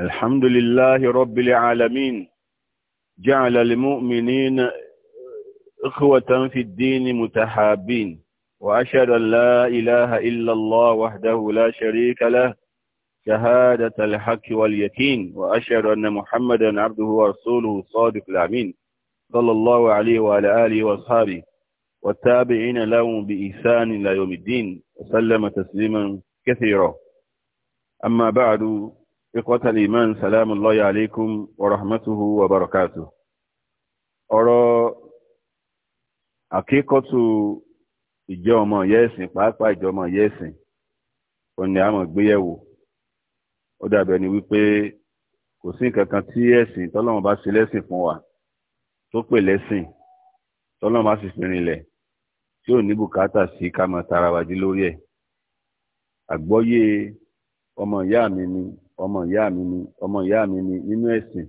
الحمد لله رب العالمين جعل المؤمنين إخوة في الدين متحابين وأشهد أن لا إله إلا الله وحده لا شريك له شهادة الحق واليقين وأشهد أن محمدا عبده ورسوله الصادق الأمين صلى الله عليه وعلى آله وأصحابه والتابعين لهم بإحسان إلى يوم الدين وسلم تسليما كثيرا أما بعد إخوة الإيمان سلام الله عليكم ورحمته وبركاته ọ̀rọ̀ àkíkọ́tù ìjọ ọmọ yẹ́sìn pàápàá ìjọ ọmọ yẹ́sìn òun ni a mọ̀ gbéyẹ̀wò ó dàbẹ̀ ni wípé kò sí nǹkan kan tí ẹ̀sìn tọ́lọ́run bá ṣe lẹ́sìn fún wa tó pè lẹ́sìn tọ́lọ́run bá sì fi rinlẹ̀ tí ò ní bùkátà sí ká máa tara wájú lórí ẹ̀ àgbọ́yé ọmọ ìyá mi ni ọmọ ìyá mi ni ọmọ ìyá mi ni nínú ẹ̀sìn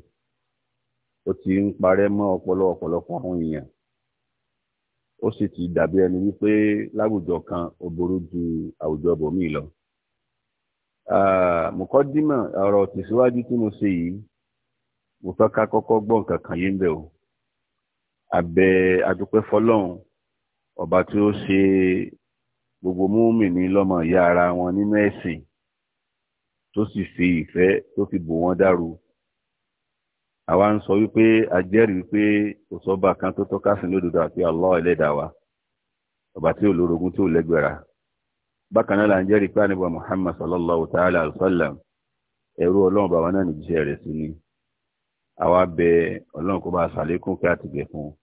ó ti ń parẹ́ mọ́ ọpọlọ ọ̀pọ̀lọpọ̀ àwọn èèyàn ó sì ti dàbí ẹni wípé láwùjọ kan ó burú ju àwùjọ bòmíì lọ. mùkọ́dímọ̀ ọ̀rọ̀ tẹ̀síwájú tí mo ṣe yìí mo fẹ́ ká kọ́kọ́ gbọ́ nǹkan kan yé ń o abẹ́ adúpẹ́ fọlọ́run ọba tí ó ṣe gbogbo múmi ní lọ́mọ ìyá ara wọn nínú ẹ̀sìn tó sì fi ìfẹ́ tó fi bò wọ́n dàrú àwa ń sọ wípé ajẹ́rìí wípé òsọ́ba kan tó tọ́ka sí lódodo àti Allah ẹlẹ́dàá wa ọba tí ò lórogún tí ò lẹ́gbẹ̀rà bákan náà là ń jẹ́rìí pé àníbà Muhammad sallallahu ta'ala al ẹ̀rú ọlọ́run bàbá náà nìjíṣẹ́ rẹ̀ sí ni àwa bẹ ọlọ́run kó bá a ṣàlékún kí a ti gẹ̀ fún un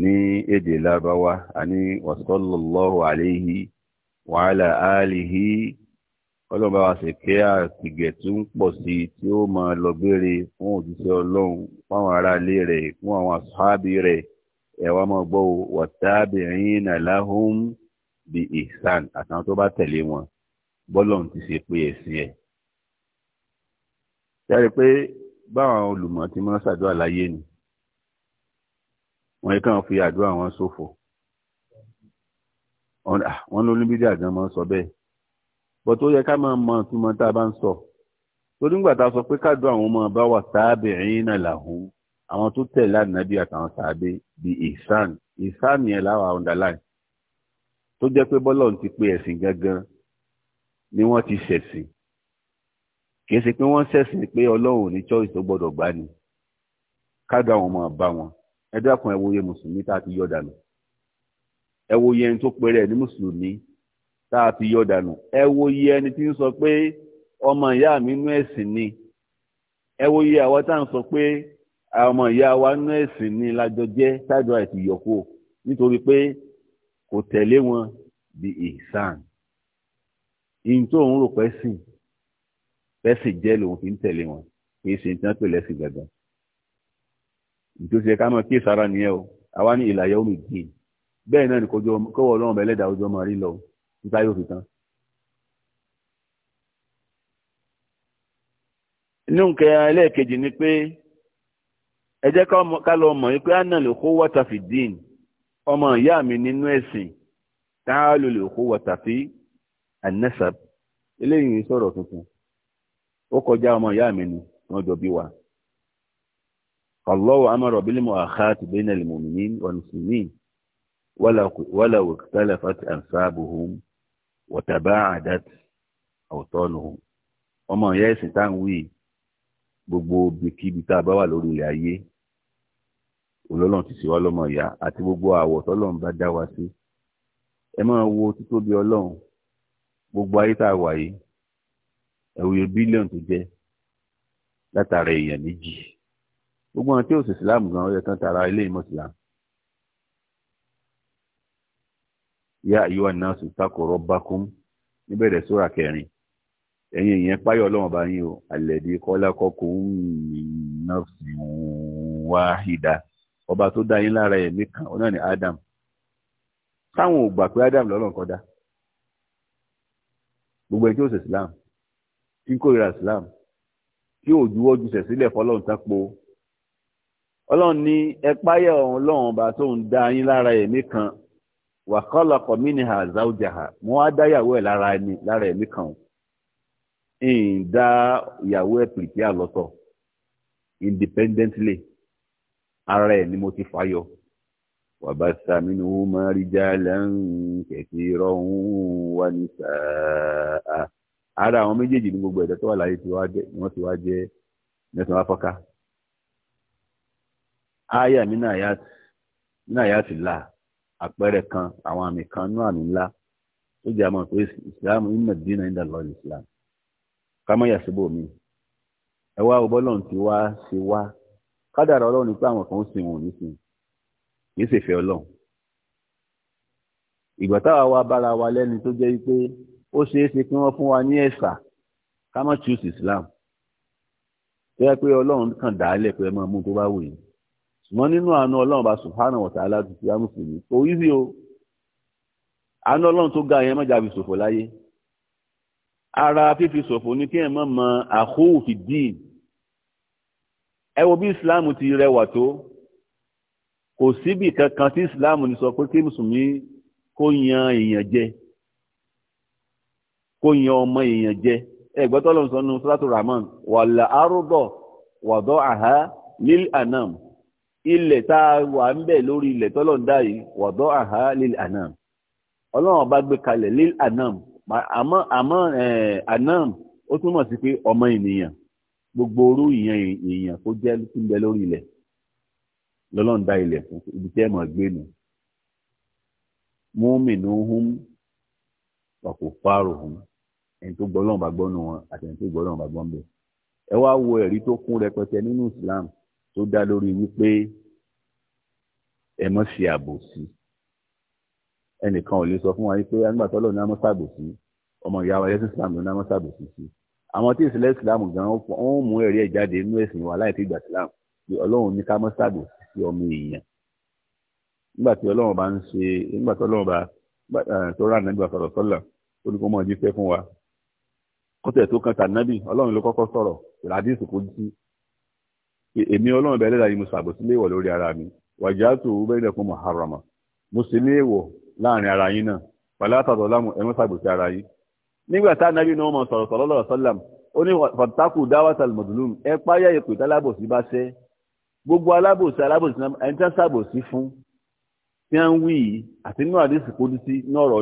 ní èdè lárúbáwá àní wa sallallahu alayhi wa ala ọlọ́run bá wa ṣe kẹ́ àtìgẹ̀ tó ń pọ̀ sí i tí ó máa lọ gbére fún òjíṣẹ́ ọlọ́run fún àwọn aráalé rẹ̀ fún àwọn àṣáàbí rẹ̀ ẹ̀wà máa gbọ́ wọ̀tábìrin nàláhùn bí ihsan àtàwọn tó bá tẹ̀lé wọn bọ́lọ́run ti ṣe pé ẹ̀sìn ẹ̀. sẹ́rí pé báwọn olùmọ̀ ti máa ṣàdúrà láyé ni wọ́n kàn fi àdúrà wọn ṣòfò wọ́n ló ní ah, bídíà gan máa ń sọ bẹ́ẹ̀ bọ̀ tó yẹ ká máa mọ ìtumọ̀ tá a bá ń sọ torí ńgbà tá a sọ pé káàdó àwọn ọmọ bá wà tabi'ina lahu àwọn tó tẹ̀lé ànábì àtàwọn sàábé bíi ihsan ihsan yẹn láwa underline tó jẹ́ pé bọ́lọ̀ ti pe ẹ̀sìn gangan ni wọ́n ti ṣẹ̀sìn kì í ṣe pé wọ́n ṣẹ̀sìn pé ọlọ́run ní choice tó gbọ́dọ̀ gbá ni káàdó àwọn ọmọ bá wọn ẹ dákun ẹ mùsùlùmí tá a ti yọ dànù ẹ ẹni tó pẹ́rẹ́ ní mùsùlùmí tá a ti yọ dànù ẹ wo iye ẹni tí ń sọ pé ọmọ ìyá mi nú ẹ̀sìn ni ẹ wo iye àwa tá à ń sọ pé ọmọ ìyá wa nú ẹ̀sìn ni lájọ jẹ́ tájọ àti yọ̀kó nítorí pé kò tẹ̀lé wọn bí ihsan ìyìn tó ń rò pẹ́sìn pẹ́sìn jẹ́ lòun fi ń tẹ̀lé wọn kì í ṣe nǹkan pè lẹ́sìn gangan nítorí ká mọ̀ kí ìsara nìyẹn o àwa ní ìlàyẹ̀ omi gbìn bẹ́ẹ̀ náà ni kọjọ́ kọ́wọ́ ọlọ́run bẹ́ẹ̀ lẹ́dàá ọjọ́ máa rí lọ́wọ́ nípa yóò fi tán. inú nǹkan ẹlẹ́ẹ̀kejì ni pé ẹ jẹ́ ká lọ mọ̀ wípé anna lè kó wọ́tà fi dín ọmọ ìyá mi nínú ẹ̀sìn táàlù lè kó wọ́tà fi eléyìí sọ̀rọ̀ tuntun ó kọjá ọmọ ìyá mi ni wọ́n jọ bí wa. Allahu amara bil mu'akhati bayna al mu'minin wal muslimin wala wala iktalafat ansabuhum wọ̀tàbá àdát ọ̀tọ́nu ọmọ ìyá ẹ̀sìn tá à ń wí gbogbo ibikíbi tá a bá wà lórí ilẹ̀ ayé olólùn ti sì wá lọ́mọ ìyá àti gbogbo àwọ̀ tọ́lọ́run bá dá wa sí ẹ máa wo títóbi ọlọ́run gbogbo ayé tá a wà yìí ẹ̀wòye bílíọ̀nù tó jẹ́ látara èèyàn méjì gbogbo àwọn tí ò sì sílámù gan ọ̀yẹ́ kan tara ilé ìmọ̀ sílámù yá àyíwá náà sùn tako rabbakum níbẹ̀rẹ̀ sóra kẹrin ẹ̀yin èèyàn páyọ̀ ọlọ́run bá yín o alladhi khalaqakum min nafsin wahida ọba tó dá yín lára ẹ̀mí kan ọ náà ni Adam táwọn ò gbà pé Adam lọ́lọ́run kọ́ da? gbogbo ẹni tí ó ṣe Islam tí kórìíra Islam tí ò juwọ́ ju sẹ̀ sílẹ̀ fọlọ́run sápò ọlọ́run ní ẹ páyọ̀ ọlọ́run ọba tó ń dá yín lára ẹ̀mí kan wàkọ́lọ̀ kọ̀mínìhà záújàhà mo wá dá ìyàwó ẹ̀ lára ẹni lára ẹ̀mí kan ń dá ìyàwó ẹ̀ pìrìkì àlọ́tọ̀ independently ara ẹ̀ ni mo ti fàyọ. wàbá sàmínú mọ́rí jálẹ̀ ń kẹ̀kẹ́ rọ̀hún wà ní sàá. ara àwọn méjèèjì ní gbogbo ẹ̀dá tó wà láyé wọ́n ti wá jẹ́ mẹ́sàn-án afọ́ká. áyà mí náà yá sí láà àpẹẹrẹ kan àwọn àmì kan nú àmì ńlá tó jẹ́ àmọ́ pé Islam. iná dínà ń dàlọ́ ìsìlámù kámọ́yà síbò mi ẹ wá ọgbọ́n lọ́run ti wá ṣe wá kádàrá ọlọ́run ni pé àwọn kan ń sìn wọn ò ní sìn kì í sì fẹ́ ọlọ́run ìgbà táwa wá bára wa lẹ́ni tó jẹ́ pé ó ṣeé ṣe kí wọ́n fún wa ní ẹ̀sà ká choose Islam tó yẹ pé ọlọ́run kàn dàálẹ̀ pé ẹ máa mú tó bá wù yín ṣùgbọ́n nínú àánú ọlọ́run bá subhanahu wa ta'ala ti fi amúsùlùmí kò yí sí o àánú ọlọ́run tó ga yẹn má jàbí ṣòfò láyé ara fífi ṣòfò ní kí ẹ mọ̀ mọ àkóhù ẹ wo bí islam ti rẹwà tó kò síbi kankan tí islam ní sọ pé kí mùsùlùmí kó yan èèyàn jẹ kó yan ọmọ èèyàn jẹ ẹgbẹ́ tọ́lọ́run sọ nínú sọ́látù rahman wàlà àrùdọ̀ wàdọ́ àhá lílì ilẹ̀ tá a wà ń bẹ̀ lórí ilẹ̀ tọ́lọ́run dá yìí wọ̀dọ́ àhá lil anam ọlọ́run ọba gbé kalẹ̀ lil anam àmọ́ àmọ́ anam ó túmọ̀ sí pé ọmọ ènìyàn gbogbo orú ìyẹn èèyàn tó jẹ́ tí ń bẹ lórí ilẹ̀ lọ́lọ́run dá ilẹ̀ fún ibi tẹ́ ẹ̀ mọ̀ gbé nu mu'minuhum wa kufaruhum ẹni tó gbọ́ lọ́run bá gbọ́ nu wọn àti ẹni tó gbọ́ lọ́run bá gbọ́ ń bẹ̀ ẹ wá wo ẹ̀rí tó kún rẹpẹtẹ nínú Islam tó dá lórí wípé ẹ mọ́ ṣe àbòsí ẹnìkan ò lè sọ fún wa wípé agbàtọ́ lọ́nà ní amọ́sàbòsí ọmọ ìyá wa ẹlẹ́sìn islam lọ́nà ní amọ́sàbòsí àwọn tí ìsìlẹ̀ islam gan wọ́n mú ẹ̀rí ẹ̀ jáde inú ẹ̀sìn wa láì tí ìgbà islam pé ọlọ́run ní ká mọ́sàbòsí sí ọmọ èèyàn nígbà tí ọlọ́run bá ń ṣe nígbà tí ọlọ́run bá tó rà nàbí àfàrọ̀ sọ́là ó ní kó mọ̀ jí fẹ́ fún wa kọ́tẹ̀ tó kan tà nàbí ọlọ́run ló kọ́kọ́ sọ̀rọ̀ ìlàdí ìsìnkú sí èmi ọlọ́run bẹ̀rẹ̀ láyé mo ṣàbòsí léèwọ̀ lórí ara mi wàjà tó bẹ́ẹ̀ fún muharama mo sì léèwọ̀ láàrin ara yín náà pàlẹ́ àtàtọ̀ lámù ẹ̀mọ́ ṣàbòsí ara yín nígbà tá nàbí ní ọmọ sọ̀rọ̀ sọ̀rọ̀ lọ́rọ̀ sọ́làm ó ní fàtàkù dáwàtà mọ̀dúlùm ẹ páyà èpè tálábòsí bá ṣẹ́ gbogbo alábòsí alábòsí ẹni tí wọ́n ṣàbòsí fún tí wọ́n ń wí yìí àti nínú àdéhùn kó sí nọ́ọ̀rọ̀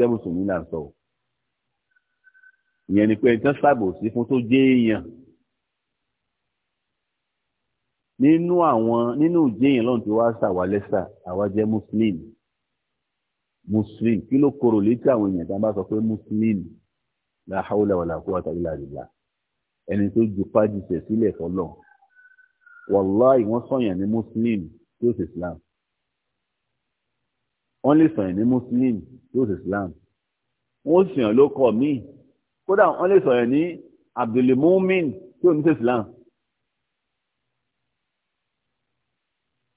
ọlọ́run ìyẹn ni pé ẹni tán ṣàbòsí fún tó jẹ́ èèyàn nínú àwọn nínú ìjẹyìn lọ́n ti wá ṣàwálẹ́sà àwa jẹ́ muslim muslim kí ló korò létí àwọn èèyàn tá a bá sọ pé muslim la hawla wala quwwata illa billah ẹni tó ju fájìṣẹ̀ sílẹ̀ fọlọ́ wàláì wọ́n sọ̀yàn ní muslim tí ó sì islam wọ́n lè sọ̀yàn ní muslim tí ó sì islam wọ́n sọ̀yàn ló kọ̀ míì kódà wọ́n lè sọ̀rọ̀ ní abdulmumin tí ò ní ṣe islam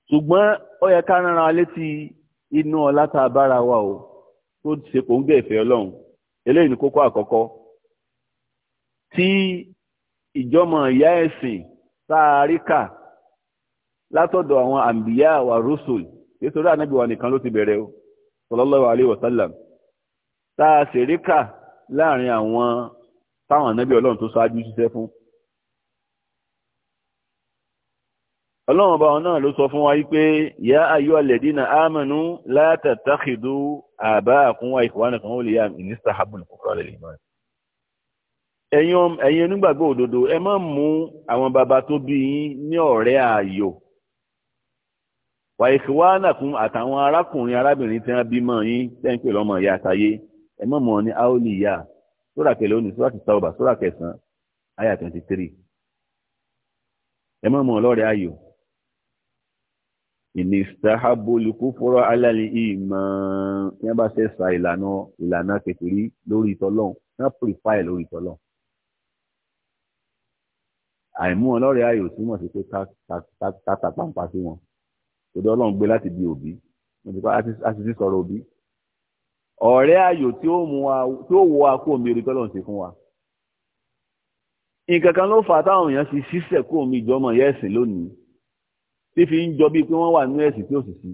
ṣùgbọ́n ó yẹ ká rán ara létí inú ọlá tá a bára wa o tó ṣe kò ń gbé ìfẹ́ ọlọ́run eléyìí ni kókó àkọ́kọ́ tí ìjọmọ ìyá ẹ̀sìn tá látọ̀dọ̀ àwọn àmbíyá wa rusul nítorí ànábì wa nìkan ló ti bẹ̀rẹ̀ o sallallahu alaihi wasallam tá a sì láàrin àwọn táwọn ànábì ọlọ́run tó ṣáájú ṣiṣẹ́ fún ọlọ́run ọba náà ló sọ fún wa wípé ya ayọ́ alẹ́dínà ámànú látàtàkìdú àbá àkúnwà ìfọwọ́nà kan ó lè yá mínísítà habun kúkọ́ lè mọ́ ẹ̀yin onígbàgbọ́ òdodo ẹ má mú àwọn baba tó bí yín ní ọ̀rẹ́ ààyò wà àtàwọn arákùnrin arábìnrin tí wọ́n bímọ yín tẹ́ ń pè lọ́mọ ìyá àtayé ẹ mọ̀ mọ́ ní aoli yá sóra kẹlẹ́ òní sóra ti tàwọ̀bà sóra kẹsàn-án àyà twenty three ẹ mọ̀ mọ́ lọ́rẹ̀ ayò ìnìsàhábólù kó fọ́rọ̀ alálẹ̀ ìmọ̀ ní a bá ṣe sa ìlànà ìlànà kékeré lórí ìtọ́lọ́hún náà pìrìfáì lórí ìtọ́lọ́hún àìmú ọlọ́rẹ̀ ayò túmọ̀ sí pé ká tàpáǹpá sí wọn tòdó ọlọ́run gbé láti di òbí wọ́n ti pa á ti sọ̀rọ̀ òbí ọ̀rẹ́ ayò tí ó mú wa tí ó wọ akó omi orí tọ́lọ̀ ti fún wa nǹkan kan ló fà á táwọn èèyàn ti ṣíṣẹ̀ kó omi ìjọmọ ìyá ẹ̀sìn lónìí tí fi ń jọ bíi pé wọ́n wà nínú ẹ̀sìn tí ó sì sí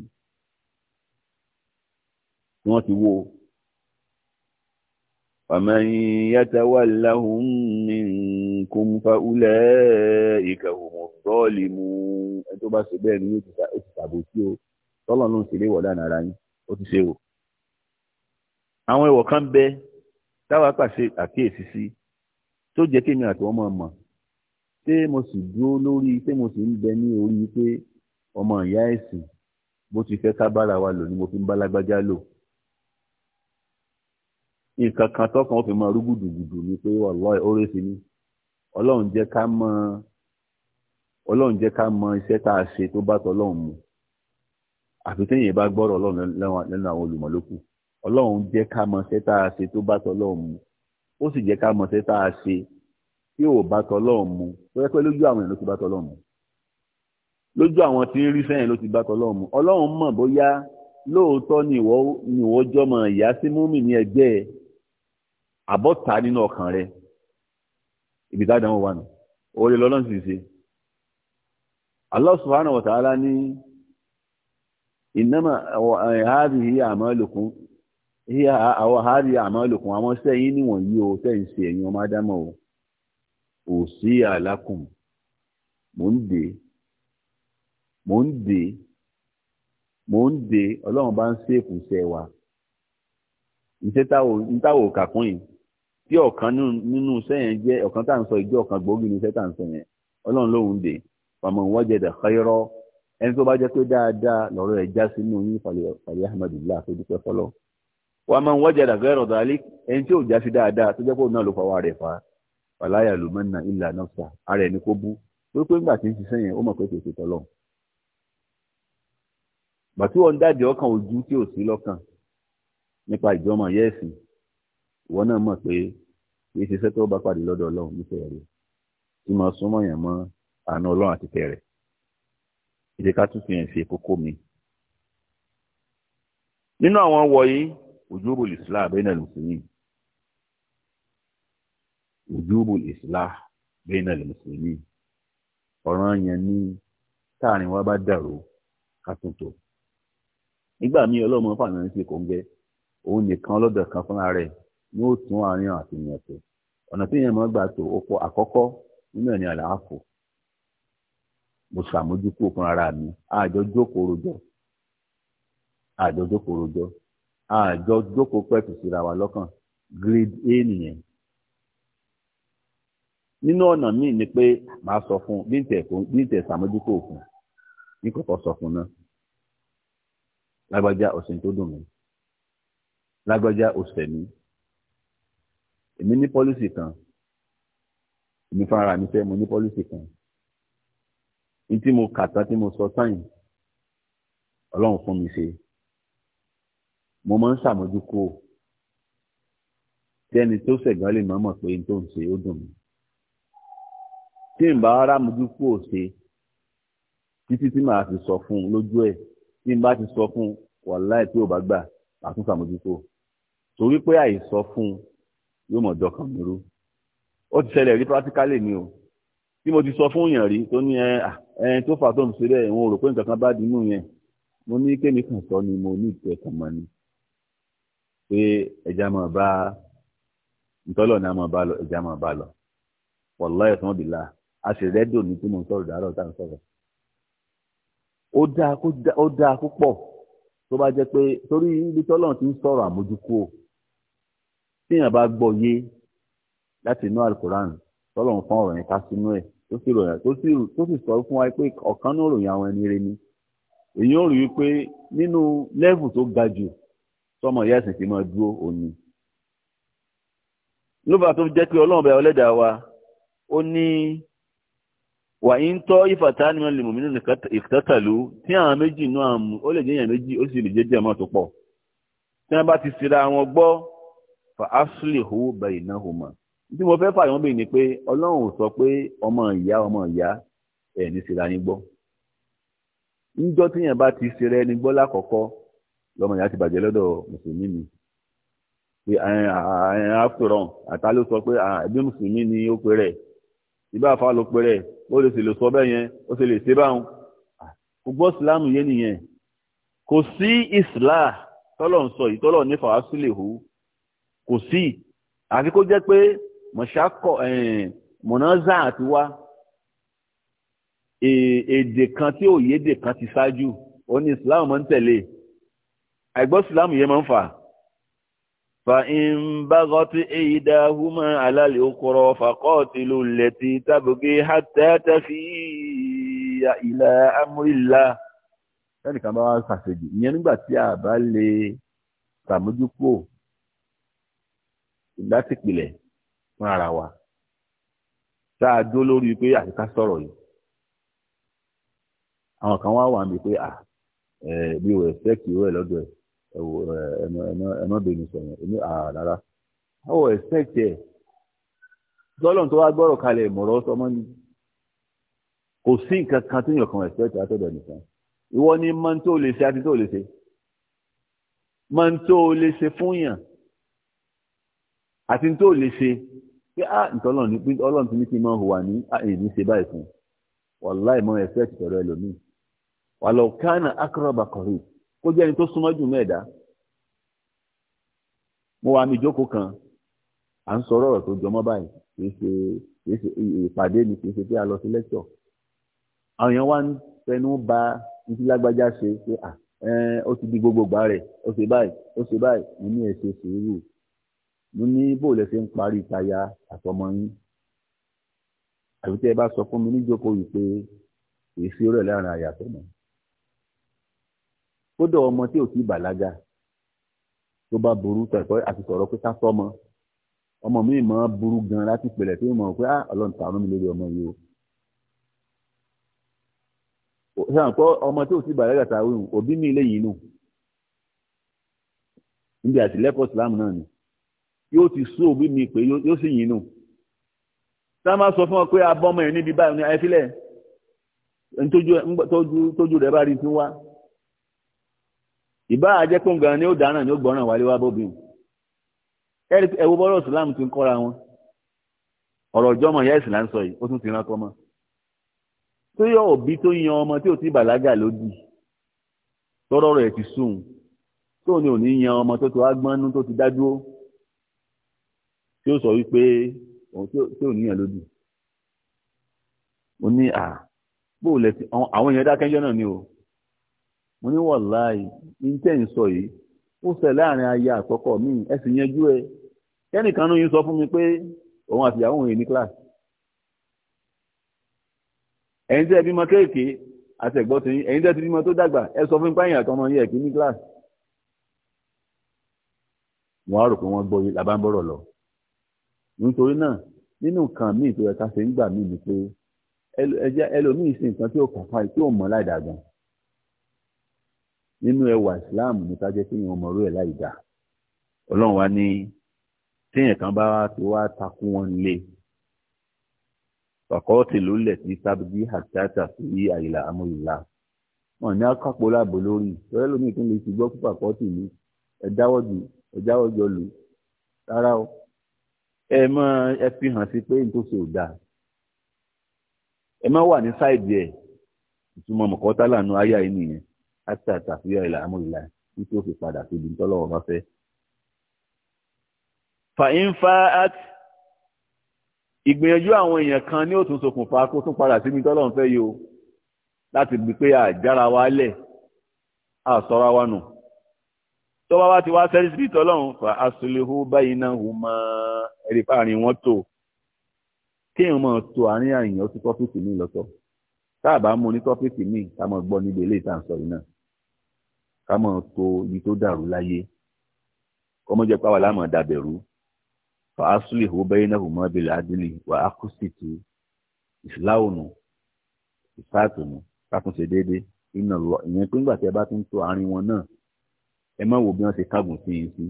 wọ́n ti wó o. ومن يتولهم منكم فأولئك هم الظالمون ẹni tó bá ṣe bẹ́ẹ̀ ni yóò ti ṣàbòsí o tọ́lọ́ ló ń ṣe léwọ̀ dáná ara yín ó ti ṣe o àwọn ẹ̀wọ̀ kan bẹ táwa pàṣẹ àkíyèsí sí tó jẹ́ kémi àti ọmọ mọ̀ pé mo sì dúró lórí pé mo sì ń bẹ ní orí pé ọmọ ìyá ẹ̀sìn bó ti fẹ́ ká wa lò ni mo fi ń bá lágbájá lò nǹkan kan tọkàn ó fi máa rúgùdùgùdù ni pé wàlláhì ó rèsì ni ọlọ́run jẹ́ ká mọ ọlọ́run jẹ́ ká mọ iṣẹ́ tá a ṣe tó bá tọ́ ọlọ́run mu àfi téèyàn bá gbọ́rọ̀ ọlọ́run lẹ́nu àwọn olùmọ̀lókù ọlọ́run jẹ́ ká mọṣẹ́ tá a ṣe tó bá tọlọ́run mu ó sì jẹ́ ká mọṣẹ́ tá a ṣe tí ò bá tọlọ́run mu tó yẹ pé lójú àwọn èèyàn ló ti bá tọlọ́run mu lójú àwọn tí ń rí sẹ́yìn ló ti bá tọlọ́run mu ọlọ́run mọ̀ bóyá lóòótọ́ ni ìwọ ni ìwọ jọmọ ìyá sí múmi ní ẹgbẹ́ àbọ̀tà nínú ọkàn rẹ ibi táwọn wà nù orí lọ́lọ́run sì ṣe Allah subhanahu wa ta'ala ìyá àwọn àárí ama lòkùn àwọn sẹ́yìn o sẹ́yìn nsi ẹ̀yin ọmọ ádámọ̀ o si sí àlákùn mò ń dè mò bá ń ṣèkù sẹ́ wa iṣẹ́ táwò kàkún yìí tí ọ̀kan nínú sẹ́yìn jẹ́ ọ̀kan tá à ń sọ ìjọ ọ̀kan gbòógì ní iṣẹ́ pé dáadáa já sínú yín fọlọ. wọ́n máa ń wọ́jà dàgbẹ́ ẹ̀rọ dàlí ẹni tí ò já sí dáadáa tó jẹ́ pé òun náà ló fọwọ́ rẹ̀ fà á wàláyà ló mọ́ nà ìlà náà sà ara ẹ̀ ní kó bú pé pé ńgbà tí ń ṣiṣẹ́ yẹn ó mọ̀ pé kò ṣe tọ́lọ́ bàtí wọn dáàdì ọkàn ojú tí ò sí lọ́kàn nípa ìjọmọ yẹ́ẹ̀sì ìwọ náà mọ̀ pé kì í ṣiṣẹ́ tó bá pàdé lọ́dọ̀ ọlọ́run nífẹ̀ẹ́ rẹ̀ tí mo súnmọ́ yẹn mọ́ àánú ọlọ́run àti tẹ̀rẹ̀ ìdíkà tún fi kókó mi nínú àwọn wọ̀nyí wujubul islah bainal muslimin wujubul islah bainal muslimin ọ̀ràn yẹn ní táàrin wa bá dàrú ká tún tò nígbà míì ọlọ́mọ fàánà ń nìkan kan fúnra rẹ̀ ni ó tún àárín àti tó ọ̀nà tí mi àjọ jókòó pẹ̀tù síra wa lọ́kàn grade a nìyẹn nínú ọ̀nà míì ni pé màá sọ fún bí ntẹ̀ sàmójúkò òfin ní kọ̀kọ́ sọ fún náà lágbájá ọ̀sìn tó dùn mí lágbájá ọ̀sẹ̀ mi èmi ní pọ́lísì kan èmi fara mi fẹ́ mo ní pọ́lísì kan ní tí mo kà tí mo sọ sáyìn ọlọ́run fún mi ṣe mo máa ń ṣàmójúkó tí ẹni tó ṣẹ̀gbọ́n lè mọ̀ pé n tó ń ṣe ó dùn mí tí n bá rárá mójúkó ṣe títí tí màá fi sọ fún un lójú ẹ̀ tí n bá ti sọ fún un wàláì tí ò bá gbà àtún ṣàmójúkó torí pé àìsọ fún un yóò mọ̀ dọkàn mi rú ó ti ṣẹlẹ̀ rí practically ni o tí mo ti sọ fún yàn rí tó ní ẹ tó fà tó ń ṣe bẹ́ẹ̀ òun ò rò pé nǹkan kan bá dínú yẹn mo ní kémi kàn sọ ni mo ní ìtẹ̀kàn mọ́ pé ẹja máa bá ntọ́lọ̀ ní a máa bá lọ ẹja máa bá lọ wàláyé tí wọ́n bì la a sì rẹ́díò ní tí mo ń sọ̀rọ̀ dàrọ̀ tá à ń sọ̀rọ̀ ó dáa kó ó dáa púpọ̀ tó bá jẹ́ pé torí ibi tọ́lọ̀ ti ń sọ̀rọ̀ àmójúkú o tíyàn bá gbọ́ yé láti inú alukoran tọ́lọ̀ ń fọ́n ọ̀rọ̀ yẹn ká sínú ẹ̀ tó sì ròyìn tó sì tó sì sọ fún wa pé ọ̀kan ní òròyìn àwọn ẹni rẹ ni èyí ó rí i pé nínú lẹ́vù tó ga jù sọmọ ìyá ẹ̀sìn fi máa dúró òní. lóba tó jẹ́ pé ọlọ́run bẹ ọlẹ́dàá wa ó ní wàyí ń tọ́ ìfàtà nínú lè mọ̀mí nínú ìfẹ́tàlú tí àwọn méjì inú àmú ó lè jẹ́ èèyàn méjì ó sì lè jẹ́ díẹ̀ mọ́ tó pọ̀ tí wọ́n bá ti sira wọn gbọ́ fa ashley hu bẹ̀yìn náà hù mọ́ tí mo fẹ́ fàyàn bẹ́ẹ̀ ni pé ọlọ́run ò sọ pé ọmọ ìyá ọmọ ìyá ẹ̀ ní sira yín gbọ́ níjọ́ tíyàn bá ti sira ẹni gbọ́ lákọ̀ọ́kọ́ lọ́mọ ìyá ti bàjẹ́ lọ́dọ̀ mùsùlùmí ni pé after all àtà ló sọ pé ẹbí mùsùlùmí ni ó pe rẹ̀ ìbá àfa ló pe rẹ̀ ó lè sì lè sọ bẹ́ẹ̀ yẹn ó sì lè ṣe báwọn kò gbọ́ sílámù yé nìyẹn kò sí ìsìlá tọ́lọ̀ ń sọ yìí tọ́lọ̀ ní fàásùlẹ̀ hù kò sí àfi kó jẹ́ pé mọ̀ṣákọ̀ mọ̀nàzà àti wá èdè kan tí òye èdè kan ti ṣáájú ó ní ìsìlámù máa ń tẹ̀lé e àìgbọ́ sílámù yẹn máa ń fà fa in bagati ihdahuma ala al-ukhra faqatilu allati tabghi hatta tafiya ila amrillah ẹnìkan bá wá ṣàṣejù ìyẹn nígbà tí a bá lè ṣàmójúpò látìpìlẹ̀ fún ara wa tá a dó lórí pé àyíká sọ̀rọ̀ yìí àwọn kan wá wà mí pé à ẹ mi ò expect irú ẹ lọ́dọ̀ ẹ̀ ẹ̀wọ̀ ẹ̀mọ́ bẹ̀rù sọ̀rọ̀ èmi àràrà ó expect ẹ̀ tó wá gbọ́rọ̀ kalẹ̀ ìmọ̀ràn ọsọ ni kò sí nǹkan kan tó yàn kan expect nìkan ìwọ ni tó lè ṣe àti tó lè ṣe mọ tó lè ṣe fún yàn àti tó lè ṣe pé á ọlọ́run ti n hùwà ní èyí ṣe báyìí fún wàláì mọ expect tọ̀rọ̀ ẹlòmíì kó jẹ́ ẹni tó súnmọ́ jù mẹ́ẹ̀dá mo wà ní ìjókòó kan à ń sọ̀rọ̀ ọ̀rọ̀ tó jọmọ́ báyìí kìí ṣe ṣe ìpàdé ni kìí ṣe pé a lọ sí lẹ́kṣọ̀ àwọn èèyàn wá ń fẹnu ba ibi lágbájá ṣe pé à ó ti di gbogbo gbà rẹ̀ ó ṣe báyìí ó ṣe báyìí mo ní ẹ̀ṣẹ̀ sùúrù mo ní bó lẹ ṣe ń parí ìtayà àtọmọ yín àbí tẹ́ ẹ bá sọ fún mi níjókòó yìí pé èsì rẹ̀ láàrin àyàtọ̀ náà kódà ọmọ tí ò ti bàlágà tó bá burú tẹ̀kọ́ àti sọ̀rọ̀ pé ká sọ́mọ ọmọ mi mọ̀ burú gan láti pèlẹ̀ tó mọ̀ pé ah, ọlọ́run tàánú mi lórí ọmọ yìí o sàn kọ́ ọmọ tí ò ti bàlágà tàwé o òbí mi léyìn nù níbi àtìlẹ́kọ̀ọ́ ìsìlámù náà ni yóò ti sún òbí mi pé yóò sì yìn nù tá a máa sọ fún ọ pé abọ́mọ yẹn níbi báyìí ní ayé fílẹ̀ tójú rẹ̀ bá rí ti wá ìbá àjẹ́ pé nǹkan ni ó dáná ni ó gbọ́ràn wálé wá bóbi wọn ẹ wo bọ́rọ̀ ìsìlámù ti ń kọ́ra wọn ọ̀rọ̀ ìjọmọ̀ ìyá ìsìlá ń sọ yìí ó tún ti rántọ́ mọ́ tó yọ òbí tó yan ọmọ tí ò ti bàlágà lódì tọ́rọ̀ rẹ̀ ti sùn tó ní òní yan ọmọ tó ti wá tó ti dádúró tí ó sọ wípé tí ò níyàn lódì ó ní à bóòlù àwọn èèyàn dákẹ́jọ́ náà ni o mo ní wàláì ní tẹ́ ń sọ yìí ó ṣẹ̀ láàrin aya àkọ́kọ́ mi ẹ sì yanjú ẹ kẹ́nìkan nínú yín sọ fún mi pé òun àtìyàwó òun yìí ní kíláàsì ẹ̀yin tẹ́ bímọ kéèké àtẹ̀gbọ́ tẹ̀yìn ẹ̀yin tẹ́ ti bímọ tó dàgbà ẹ sọ fún páyìn àtọmọ yẹ kí ní kíláàsì wọ́n á rò pé wọ́n gbọ́ yìí làbá ń bọ̀rọ̀ lọ nítorí náà nínú nǹkan míì tó yẹ ká ṣe ń gbà míì ni pé ẹlòmíì sí nǹkan tí ó kàfà tí ó mọ̀ láìdàgbọ́n nínú ẹwà islam ní ká jẹ́ kéèyàn ọmọ orí ẹ̀ láì dá ọlọ́run wa ní téèyàn kan bá ti wá takú wọn lé fàkọ́ọ̀tì lólẹ̀ tí sábìdí àtàtà sí àyìnlá amúyìnlá wọn ní akápò láàbò lórí lọ́rẹ́ lómi ìpínlẹ̀ èsì gbọ́ fún fàkọ́ọ̀tì ní ẹ̀dáwọ́jù ẹ̀dáwọ́jù ọlù rárá o ẹ mọ ẹ fi hàn sí pé nítòsí ò dáa ẹ má wà ní sáìdì ẹ ìtumọ̀ mọ̀kọ́tà lànà ayá yìí nìyẹn àti àtàfíà ìlà amúlùlá tí tí ó fi padà síbi tọ́lọ́wọ́ bá fẹ́. fàyínfà at ìgbìyànjú àwọn èèyàn kan ní òtún ṣokùnfà kó tún padà síbi tọ́lọ́wọ́ fẹ́ yìí o láti gbé pé àjára wa lẹ̀ àsọ́ra wa nù tọ́ba wa ti wá sẹ́rí síbi tọ́lọ́run fa aṣọlẹ́hó báyìí náà hù mọ́ ẹ̀rí páàrin wọn tó kéèyàn máa to àárín àyàn ó ti tọ́fíìsì mi lọ́tọ̀ tá a bá mú ní tọ́fíìsì mi ká máa gbọ́ níbi eléyìí tá à sọ yìí náà ká mọ̀ tó ibi tó dàrú láyé kọ́mọ́ jẹ́ pàwọ́ láàmọ̀ dàbẹ̀rú fa aslihu baynahuma bil adli wà á kú sí tu ìsìláwònù ìsáàtùnù kákùnṣe déédéé iná lọ ìyẹn pé nígbà tí ẹ bá ti ń tó àárín wọn náà ẹ má wo bí wọ́n ṣe kágùn sí yín sí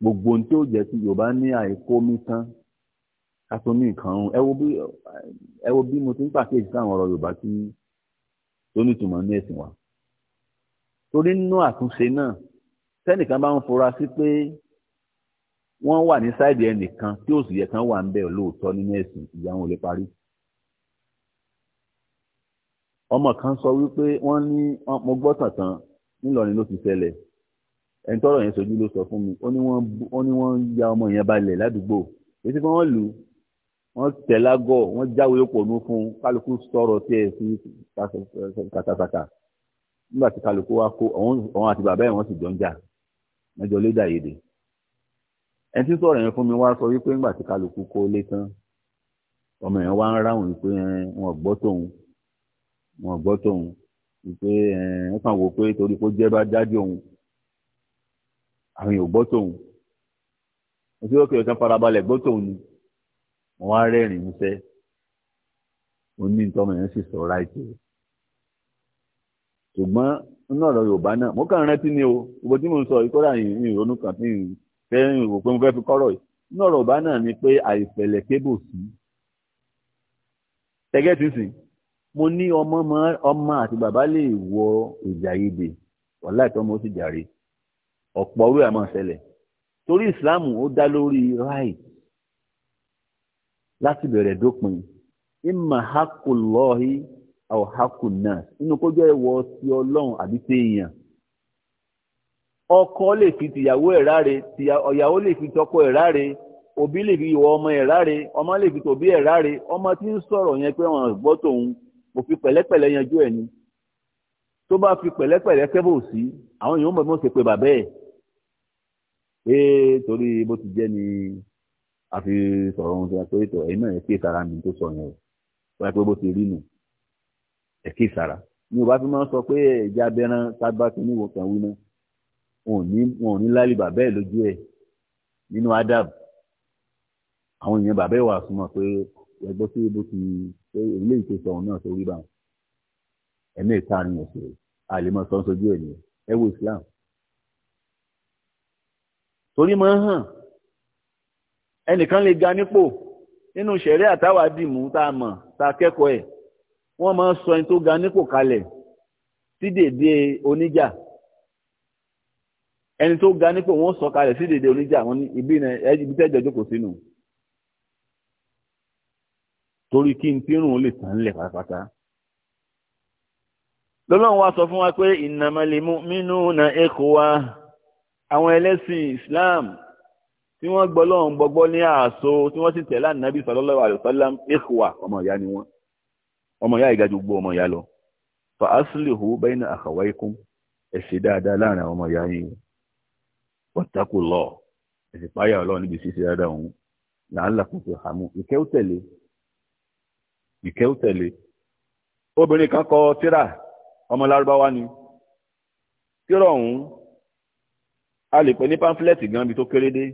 gbogbo ohun tí ó jẹ́ sí Yorùbá ní àìkó mi tán ká ní nǹkan ọ̀hún ẹ wo bí mo ti ń pàkíyèsí sáwọn ọ̀rọ̀ Yorùbá tí tó nítumọ̀ ní ẹ̀sìn wa torí nínú àtúnṣe náà tẹ́nìkan bá ń fura sí pé wọ́n wà ní sáìdì ẹnìkan tí ó sì yẹ kán wà ń bẹ̀ lóòótọ́ nínú ẹ̀sìn ìyá wọn ò lè parí. ọmọ kan sọ wípé wọ́n ní mo gbọ́ tàntàn ńlọrin ló ti ṣẹlẹ̀ ẹni tọrọ yẹn sojú ló sọ fún mi ó ní wọ́n ya ọmọ yẹn balẹ̀ ládùúgbò èsì pé wọ́n lù wọ́n tẹ̀ lágọ̀ wọ́n jáwé pọ̀ nú fún kálukú sọ̀rọ̀ tí ẹ̀ sí kàtàkàtà nígbà tí kálukú wa kó òun àti bàbá ẹ̀ wọ́n sì jọ ń jà mẹ́jọ lédà yéde ẹni tí sọ̀rọ̀ yẹn fún mi wá sọ wípé nígbà tí kálukú kó lé tán ọmọ yẹn wá ń ráhùn wípé wọn gbọ́ tóun wọn gbọ́ tóun wípé ẹ kàn wò pé torí kó jẹ́ bá dájú òun àwọn èèyàn gbọ́ tóun òsì òkè ọ̀kan farabalẹ̀ gbọ́ tóun ni wọ́n wá rẹ́rìn-ín músẹ́ oní ìtọ́mọ̀ yẹn sì sọ ráìtì rẹ̀ ṣùgbọ́n nínú ọ̀rọ̀ yorùbá náà mo kàn rántí ni o gbogbo tí mo ń sọ ìkọ́ra yìí ìrònú kan tí ń fẹ́ rò pé mo fẹ́ fi kọ́rọ̀ yìí nínú ọ̀rọ̀ yorùbá náà ni pé àìfẹ̀lẹ̀ kébù sí tẹ́gẹ́ ti sìn mo ní ọmọ ọmọ àti bàbá lè wọ ìjà ìdè wàhálà tí ọmọ ó sì jàre ọ̀pọ̀ orí àmọ́ ṣẹlẹ̀ torí ìsìláàmù ó dá lórí right láti bẹ̀rẹ̀ dópin ìmà hakulọ́hí ọ̀hákù náà nínú kó jẹ́ ìwọ ti ọlọ́run àbí ti èèyàn ọkọ lè fi tìyàwó ẹ̀ ráre ọ̀yàwó lè fi tọkọ ẹ̀ ráre òbí lè fi ìwọ ọmọ ẹ̀ ráre ọmọ lè fi tòbí ẹ̀ ráre ọmọ tí ń sọ̀rọ̀ yẹn pé wọn gbọ́ tòun kò fi pẹ̀lẹ́pẹ̀lẹ́ yanjú ẹ̀ ni tó bá fi pẹ̀lẹ́pẹ̀lẹ́ kẹ́bọ̀ sí àwọn èèyàn mọ̀ bí wọ́n ṣe pé bàbá ẹ̀ pé torí bó ti jẹ́ ni a fi sọ̀rọ̀ ohun tí a pé tọ̀ ẹ̀yin náà ẹ̀ kí ìtara mi tó sọ yẹn o wọ́n yẹ pé bó ti rí nù ẹ̀kẹ́ sara ni ò bá fi máa ń sọ pé ẹ̀jẹ̀ abẹ́rán sábà tó ní ìwòsàn wí wọn ò ní lálìbà bẹ́ẹ̀ lójú ẹ̀ nínú adab àwọn èèyàn bàbá ẹ̀ wà súnmọ́ pé ẹgbẹ́ sí bó ti ṣe ilé ìtòsọ ọ̀hún náà sórí bá ẹ̀mí ìtaàrin ẹ̀sẹ̀ àlèmọ̀ sọ́n sojú ẹ̀ nìyẹn ẹ wo Islam torí máa ń hàn ẹnìkan lè ga nípò nínú ṣẹ̀rí àtàwádìí mú tá a mọ̀ tá a kẹ́kọ̀ọ́ ẹ̀ wọ́n máa sọ ẹni tó ga nípò kalẹ̀ sí dèdè oníjà ẹni tó ga nípò wọ́n sọ kalẹ̀ sí dèdè oníjà wọ́n ní ibi ibi tẹ́jọ jókòó sínú torí kí n tí rùn lè tàn lẹ̀ pátápátá lọ́lọ́run wa sọ fún wa pé innamal mu'minuna ikhwa àwọn ẹlẹ́sìn Islam tí wọ́n gbọ́ lọ́run gbọ́gbọ́ ní ààso tí wọ́n sì tẹ̀lé ànábì sallallahu alaihi wasallam ikhwa ọmọ ìyá ni wọ́n ọmọ ìyá ìgájú gbọ́ ọmọ ìyá lọ fa aslihu bayna akhawaykum ẹ ṣe dáadáa láàrin àwọn ọmọ ìyá yín wattaqullah ẹ sì páyà ọlọ́run níbi ṣíṣe dáadáa òun la'allakum turhamun ìkẹ́ ó tẹ̀lé ìkẹ́ ó tẹ̀lé obìnrin kan kọ tíra ọmọ lárúbáwá ni tíra ọ̀hún a lè pè ní pamphlet gan bí tó kéré dé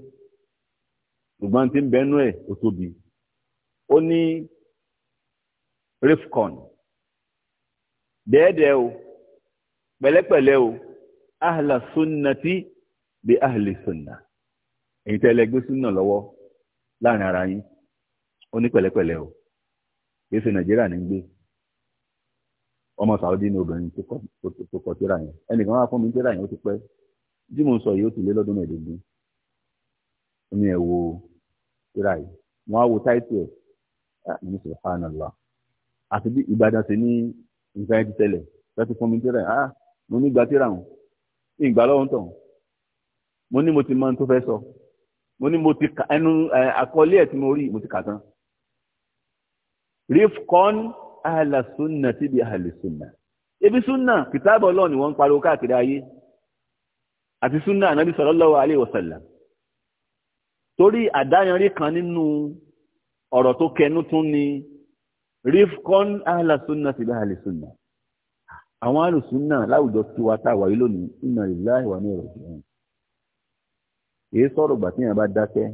ṣùgbọ́n tí ń bẹ́nu ẹ̀ ó tóbi ó ní rifcon. dẹ́ẹ̀dẹ́ o pẹ̀lẹ́pẹ̀lẹ́ o ahla sunnati bi ahli sunna èyí tẹ́ ẹlẹgbẹ́ sunna lọ́wọ́ láàrin ara yín ó ní pẹ̀lẹ́pẹ̀lẹ́ o kìí nàìjíríà ní gbé ọmọ sàwọ́dí ni obìnrin tó kọ tíra ẹnìkan wá fún àti bí ìbàdàn ṣe ní nǹkan ẹ̀dí tẹ́lẹ̀ láti fún mi tẹ́lẹ̀ ah mo ní gba tíra wọn ìgbà lọ́wọ́ ń tàn mo ní mo ti mọ ohun tó fẹ́ sọ mo ní mo ti kà ẹnu àkọlé ẹ̀ tí mo rí mo ti kà tán rifkon ahlasunna síbi ahlasunna ebi sunna kìtàbù ọlọ́ọ̀ ni wọ́n ń pariwo káàkiri ayé àti sunna anabi sallallahu alayhi wa sallam torí àdáyanrí kan nínú ọ̀rọ̀ tó kẹnu tún ni rifkon ahlasunna ti bẹ́ẹ̀ ahlasunna àwọn ahlùsúnà láwùjọ tiwa tá a wà yìí lónìí inna lillahi wa inna ilaihi raji'un èyí sọ̀rọ̀ gbà tí yẹn bá dákẹ́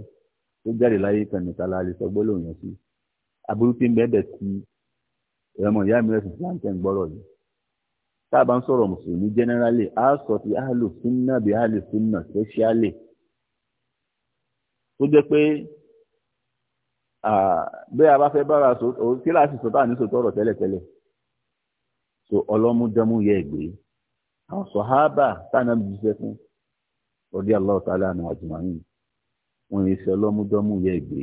tó jáde láyé kan nìkan la lè sọ gbólóhùn yẹn sí aburú tí ń bẹ́ẹ̀ bẹ́ẹ̀ ti ẹ̀rọ ìyá mi rẹ̀ sì ti ń gbọ́rọ̀ yìí tá a bá ń sọ̀rọ̀ mùsùlùmí generally a sọ ti ahlùsúnà bí ahlùsúnà specially tó jẹ́ pé bí a bá fẹ́ bára kí láti sọ táà ní sòtọ́ ọ̀rọ̀ tẹ́lẹ̀tẹ́lẹ̀ so ọlọ́múdẹ́mú yẹ ìgbé àwọn sọ̀hábà táànà bí jíṣẹ́ fún ọdí aláwọ̀tálá àwọn àjùmáyìn wọn yìí ṣe ọlọ́múdẹ́mú yẹ ìgbé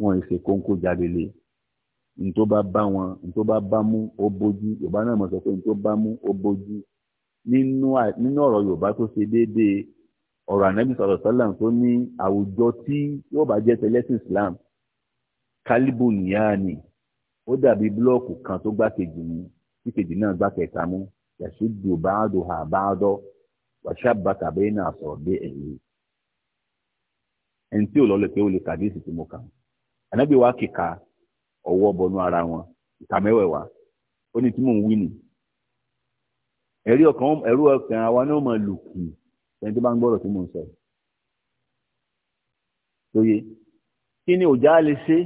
wọn yìí ṣe kóńkó jábélé ntó bá bá wọn ntó bá bá mú ó bójú yorùbá náà mọ̀ sọ pé ntó bá mú ó bójú nínú ọ̀rọ̀ yorùbá tó ṣe déédéé ọ̀rọ̀ ànábì sọ̀rọ̀ sọ́làm tó ní àwùjọ tí yóò bá jẹ́ tẹ̀lẹ́sìn islam kálíbù ni ó dàbí búlọ́ọ̀kù kan tó gbá kejì mú tí kejì náà gbá kẹta mú yàṣídù báàdù hà báàdọ́ wàṣàbà tàbí náà sọ̀rọ̀ dé èyí. ẹni tí ò lọ lè pé ó lè kàdíìsì tí mo kà ń. wa kíka ọwọ́ bọnú ara wọn ìka mẹ́wẹ̀ẹ̀wá ó ní tí mò ń wí nì. ẹ̀rí ọkàn ẹ̀rú ọkàn àwa náà mọ̀ lù kì ẹni tó bá ń gbọ́dọ̀ tí mò ń sọ. lóye kí ni òjá lè ṣe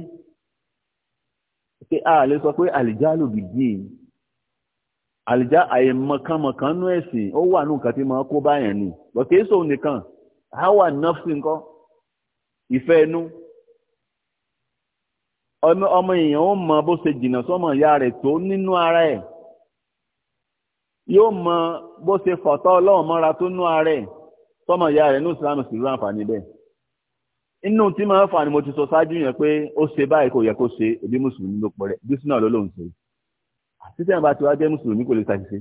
pé a lè sọ pé àlìjálù bìdí àlìjá àìmọ̀kànmọ̀kàn nú ẹ̀sìn ó wà ní nǹkan tí mo kó báyẹn ni bọ̀kẹ́ sóun nìkan a wà nọ́ọ̀sì nǹkan ìfẹ́ inú ọmọ èèyàn ó mọ bó ṣe jìnnà sọmọ ìyá rẹ̀ tó nínú ara ẹ̀ yóò mọ bó ṣe fọ̀tọ́ ọlọ́run mọ́ra tó nú ara ẹ̀ sọmọ ìyá rẹ̀ ní ìsìlámù sì rú àǹfààní bẹ́ẹ̀ inú tí máa fà ni mo ti sọ ṣáájú yẹn pé ó ṣe báyìí kò yẹ kó ṣe ẹbí mùsùlùmí ló pọ̀ rẹ̀ jésù náà ló lóun ṣe títẹ̀ nígbà tí wàá jẹ́ mùsùlùmí kò lè ṣàṣìṣe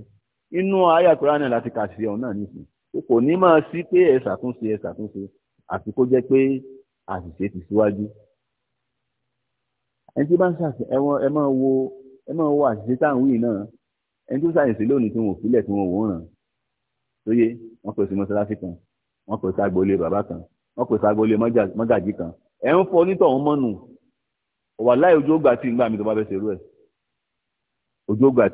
inú àyà kúránì láti kà sí ọ̀hún náà nìsín kò ní máa sí pé ẹ ṣàtúnṣe ẹ ṣàtúnṣe àti kó jẹ́ pé àṣìṣe ti síwájú ẹni tí bá ń ṣàṣì ẹwọn ẹ máa wo ẹ máa wo àṣìṣe táwọn wíì náà ẹni tí ó lónìí tí wọn ò fílẹ̀ tí wọn ò wòran tó yé wọn pèsè mọ́ṣáláṣí kan wọn pèsè agboolé bàbá kan wọ́n kò agboolé mọ́gàjì kan ẹ̀ ń fọ wà láì ojú ògbà tí ngbà mi tó bá fẹ́ ṣerú ẹ̀ ojú ògbà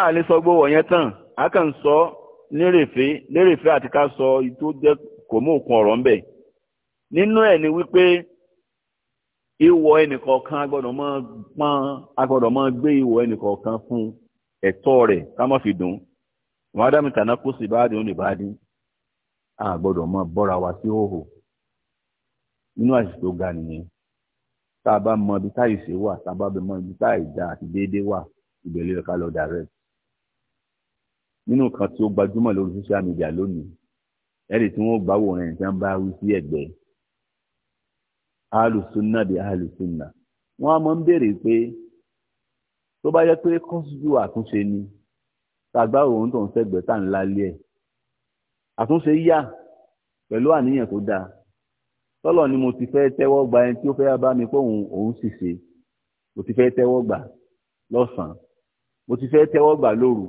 a lè sọ gbowó yẹn tán a kàn sọ lérèfé lérèfé àti ká sọ ito jẹ́ kò mú òkun nínú ni wípé ìwọ máa máa gbé ìwọ fún ká fi dùn kó sì bá a gbọ́dọ̀ mọ bọ́ra wa sí òhò nínú àṣìṣe tó ga nìyẹn tá a bá mọ ibi tá ìṣe wà tá a bá mọ ibi tá ìdá àti déédéé wà ìbẹ̀lẹ̀ rẹ̀ ká lọ direct nínú kan tí ó gbajúmọ̀ lórí social media lónìí ẹ̀rì tí wọ́n gbà wò rẹ̀ tí bá wí sí ẹ̀gbẹ́ alùsùnà bí alùsùnà wọ́n á mọ̀ ń béèrè pé tó bá yẹ pé kọ́sùdù àtúnṣe ni tàgbà òun tó ń sẹ́gbẹ̀ẹ́ tá ń lálé ẹ̀ àtúnṣe yá pẹ̀lú àníyàn tó dáa tọ́lọ̀ ni mo ti fẹ́ tẹ́wọ́ gba ẹni tí ó fẹ́ bá mi pé òun òun sì ṣe mo ti fẹ́ tẹ́wọ́ gbà lọ́sàn-án mo ti fẹ́ tẹ́wọ́ gbà lóru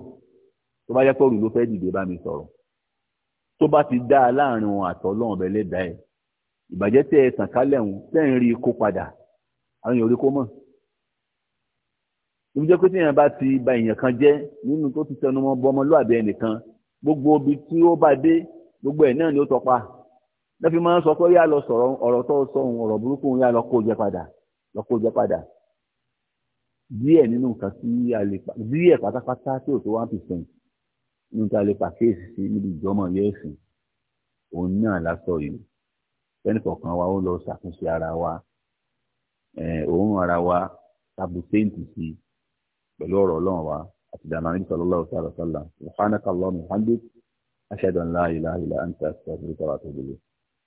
tó bá yẹ pé òru ló fẹ́ dìde bá mi sọ̀rọ̀ tó bá ti dáa láàrin wọn àtọ́lọ́run ọbẹ̀ lẹ́dàá ẹ̀ ìbàjẹ́ tẹ́ ẹ tàn kálẹ̀ ń tẹ́ rí ikó padà àwọn èèyàn orí kó mọ̀ ìbújẹ́ pé tí èèyàn bá ti ba èèyàn kan jẹ́ nínú tó ti tẹnumọ́ bọ́mọlúàbí ẹnìkan gbogbo ibi tí ó bá dé gbogbo ẹ̀ náà ni ó tọpa lọ́fi máa ń sọ pé yá lọ sọ̀rọ̀ ọ̀rọ̀ tó sọ ohun ọ̀rọ̀ burúkú yá lọ kó jẹ padà lọ kó jẹ padà díẹ̀ nínú nǹkan tí a lè pa díẹ̀ pátápátá tí ò tó one percent nínú tí a lè pa kéèsì sí níbi ìjọmọ̀ yẹ́sìn òun náà lásọ yìí fẹ́ni kọ̀ọ̀kan wa ó lọ ṣàtúnṣe ara wa òórùn ara wa tàbí séǹtì sí pẹ̀lú ọ̀rọ̀ ọlọ́run wa àti ìdáná níbi sallallahu alaihi wasallam subhanaka Allahumma wa bihamdik ashhadu an la ilaha illa anta astaghfiruka wa atubu ilayk